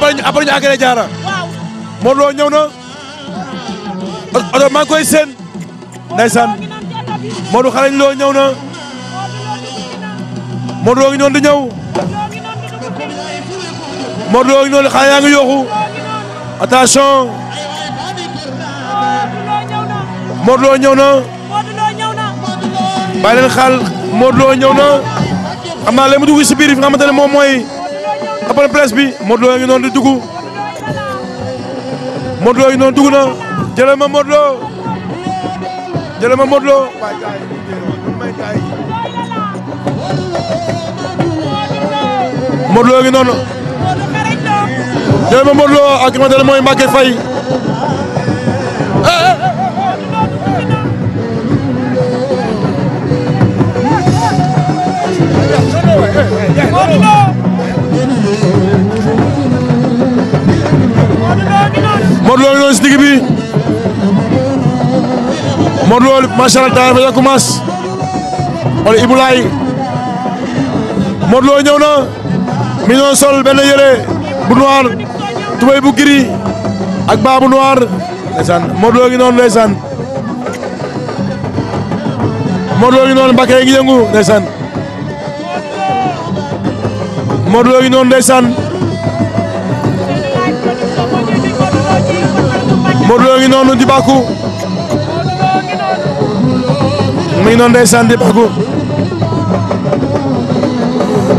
après ñu après ñu àggale ñëw na. oto maa ngi koy seen. ndeysaan Modou xarañ Lo na. Modou Lo ngi noonu di ñëw. Modou Lo na. bàyyi leen xaal Modou Lo ñëw na. xam naa léegi mu si biir fi nga xamante ne moom mooy. après presse bi Modou Lo noon noonu di dugg Modou Lo ngi noonu dugg na jëlee ma Modou Lo jëlee ma Modou Lo Modou Lo ngi noonu jëlee ma Modou Lo Modou Lo noonu si digg bi Modou Lo macha allah dafa yokk mas wala Ibou Laye Modou Lo mi ñoo sol benn yére bu tubéy bu ak baa bu noir ndeysaan noonu ndeysaan Modou Lo noonu Mbacké Modou Lo ngi noonu di bàkku mu ngi noonu ndeysaan di bàkku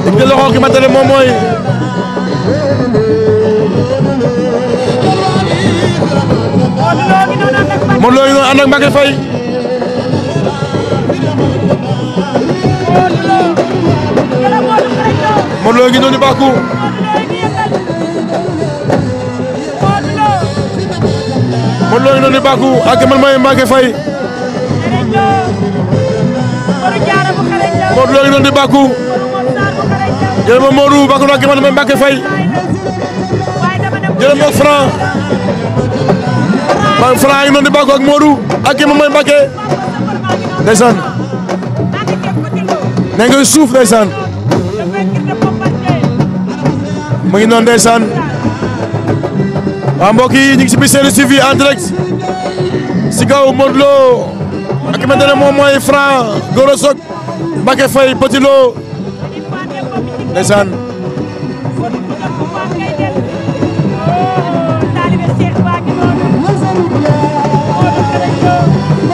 di nga loxo ki ma tere moom mooy Modou Lo ngi noonu ànd ak Mbacké Faye Modou ngi noonu di bàkku kon loolu noonu bàkku ak man maay Mbacke Faye kon loolu noonu bàkku jërëm ak Modou bàkku ak man maay Mbacke Faye jërëm ak Franc man Franc ak noonu bàkku ak Modou ak man maay Mbacke ndeysaan ne nga suuf ndeysaan mu ngi noonu ndeysaan waaw mbokk yi ñu ngi si biir seen suivi en si kaw Modou Lo ak ki nga ne moom mooy Franc Goro Sock Mbacké Faye Petit Lo ndeysaan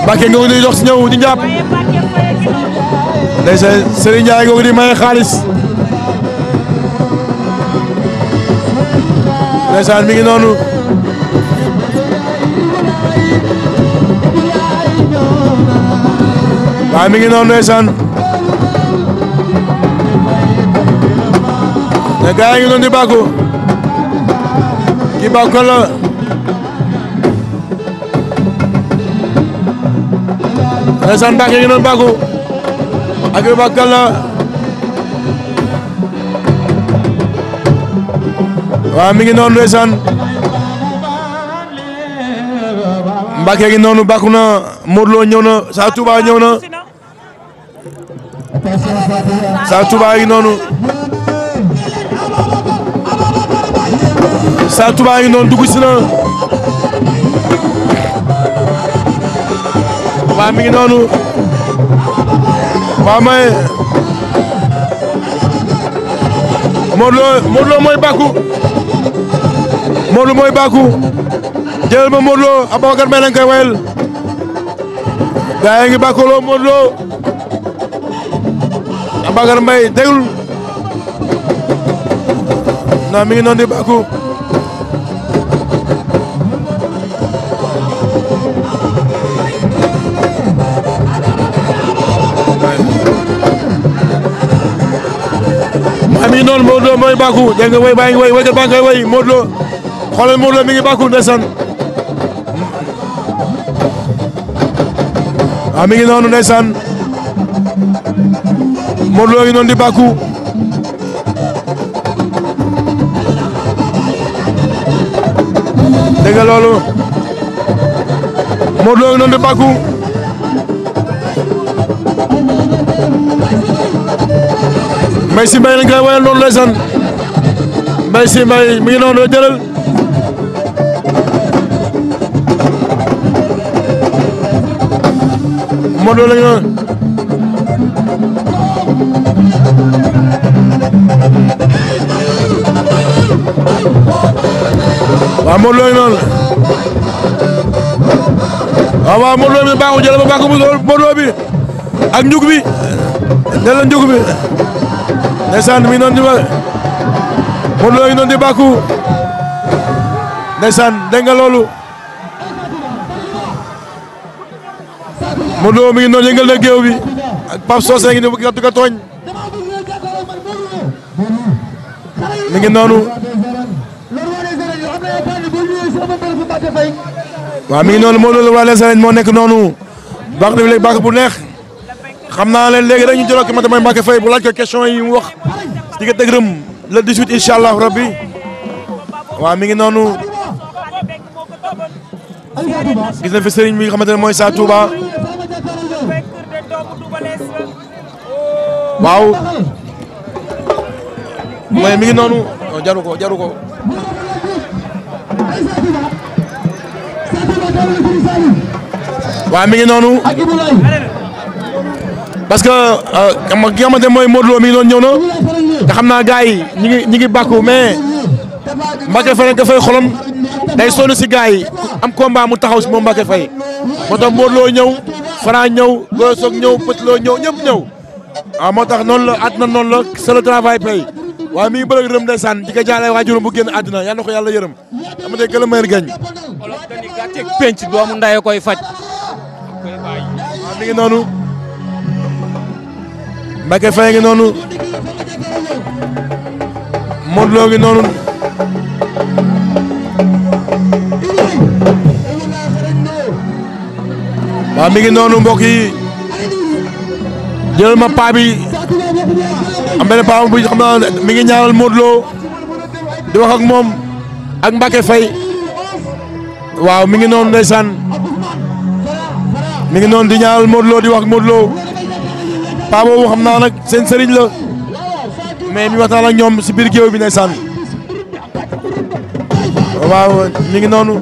Mbacké ngoogi di dox si ñëw di njàpp ndeysaan Serigne Ndiaye ngoogi di maye xaalis ndeysaan mi ngi noonu waaye mi ngi noonu ndeysaan te gaa yi ngi doon di bàkku ki bàkku la ndeysaan bàkk yi ngi doon bàkku ak bi bàkku la waaye mi ngi noonu ndeysaan Mbacké gi noonu bàkku na Modou Lo ñëw na Sa Touba ñëw na Sa Touba gi noonu Sa Touba gi noonu dugg waa noonu waa may Modou mooy bàkku Modou mooy bàkku jël ma Modou Lo Ababacar Mbaye lañ koy wayal gaa yi ngi bàkkaloo Modou Lo Ababacar Mbaye déglu na mi ngi noonu di bàkku mi mooy bàkku dégg nga way baa ngi way waykat baa ngi koy way Modou Lo xoolal Modou Lo mi ngi bàkku a ah, mi ngi noonu ndeysaan Modou Lo ngi noonu di bàkku dégg nga loolu noonu di bàkku Mbaye si mi ngi noonu jëlal Modou Lo lañu noonu waaw Modou Lo noonu waaw waaw Modou Lo bi baaxul bi ak njug bi delloo njug bi ndeysaan mi noonu noonu di bàkku ndeysaan dégg Modou Lo mi ngi noonu yëngal na géew bi ak Pape Socé ngi noonu di ko tooñ mi ngi noonu waaw mi ngi moo nekk noonu baax na léegi baax bu neex xam naa leen léegi dañu jël ak man damay Mbacke Faye bu laaj ko question yi mu wax di nga teg rëm le 18 incha allah rabbi waaw mi ngi noonu gis na fi sëriñ bi nga xamante ne mooy Sa Touba. waaw mais mi noonu oh, jaru ko jaru ko waaw mi ngi noonu parce que euh, ki nga xamante mooy Modou Lo mi ngi doon ñëw na te xam naa gars yi ñu ngi ñu ngi bàkku mais Mbacké Faye nag xolom day sonn si gars yi am combat mu taxaw si moom Mbacké Faye moo tax Modou Lo ñëw Franc ñëw Gora Sock ñëw Petit ñëw. ah non tax noonu la non non la c'est le travail paye wa mi ngi bëgg de san di ko jaale waajuram bu génn àdduna ko yàlla yërëm dama dee gën a mayar gañ olof dañuy gàcceeg penc doomu ndaye koy faj waaw mi ngi nonu. Mbacke Faye ngi noonu Modou Lo ngi noonu mi ngi yi jëlal ma paa bi am benn paa bu xam naa mi ngi ñaanal Modou Lo di wax ak moom ak Mbacke Faye waaw mi ngi noonu ndeysaan mi ngi noonu di ñaanal Modou di wax ak Modou xam naa nag seen sëriñ la mais mi waxtaan ak ñoom si biir géew bi ndeysaan waaw mi ngi noonu.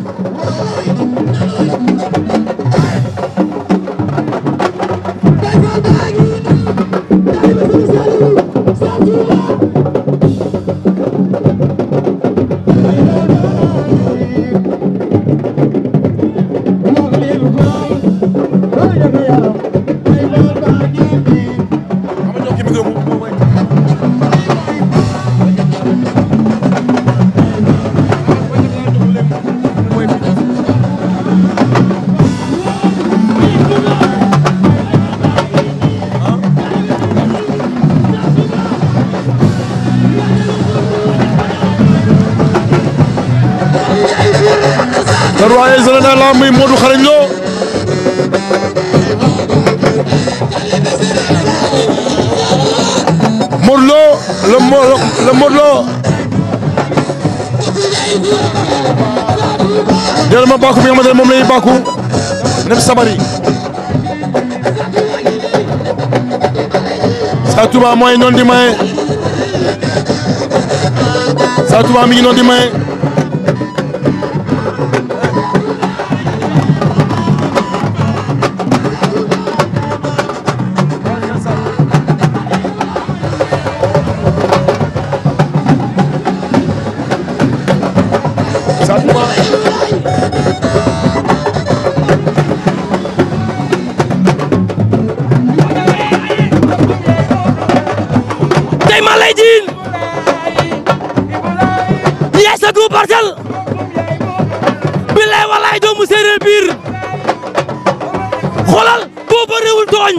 la muy Modou Xarañ Lo Modou Lo le mo le Modou ma bàkku bi nga xamante ne moom lay bàkku nem sabari Sa Touba mooy noonu di maye tey maa lay jiin yaay sa gu parcelle billaay walaay doomu séeréer biir xoolal boo bëriwul tooñ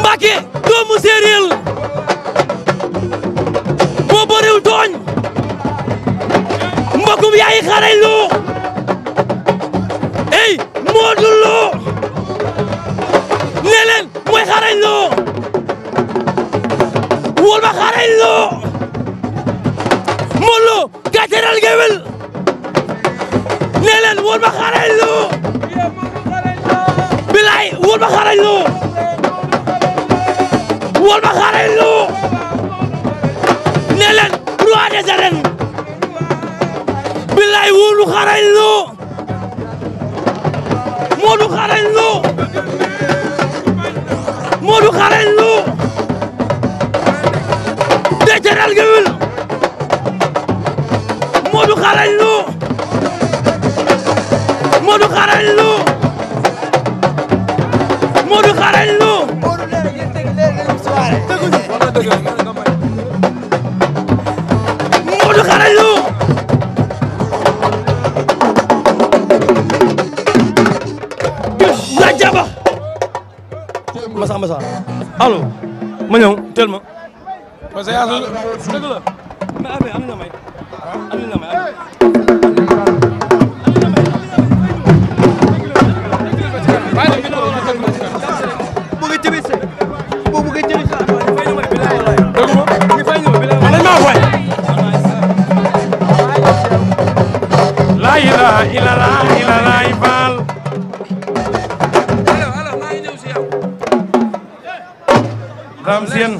Mbàkke doomu séeréer boo bëriwul tooñ mbokkum yaay xaray loo ey moo dul loo nee leen mooy xaray loo wolma xaaral loo Modou Lo gàcceral géwél nee leen wolma xaaral loo bilaay wolma xaaral loo wolma xaaral loo nee leen roi des arènes bilaay wolu xaaral loo Modou xaaral loo Modou xaaral loo Caral Géwél Modou Xarañ Lo Modou Xarañ Lo Modou Xarañ Lo Modou Xarañ Lo na jaba ma ñëw tel ma parce que yàlla dëgg la mais Abe am na may am na may Ramsien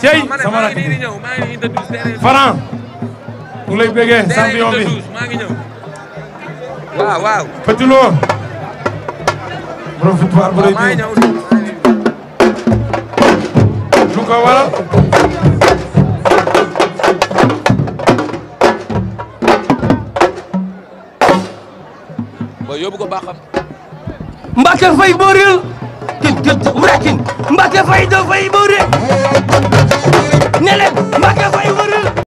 cey sama rakk bi Franc mu lay bëggee champion bi waaw waaw Petit Lo borom football bu rëy bi lu ko waral ba yóbbu ko baaxam Mbacké MACA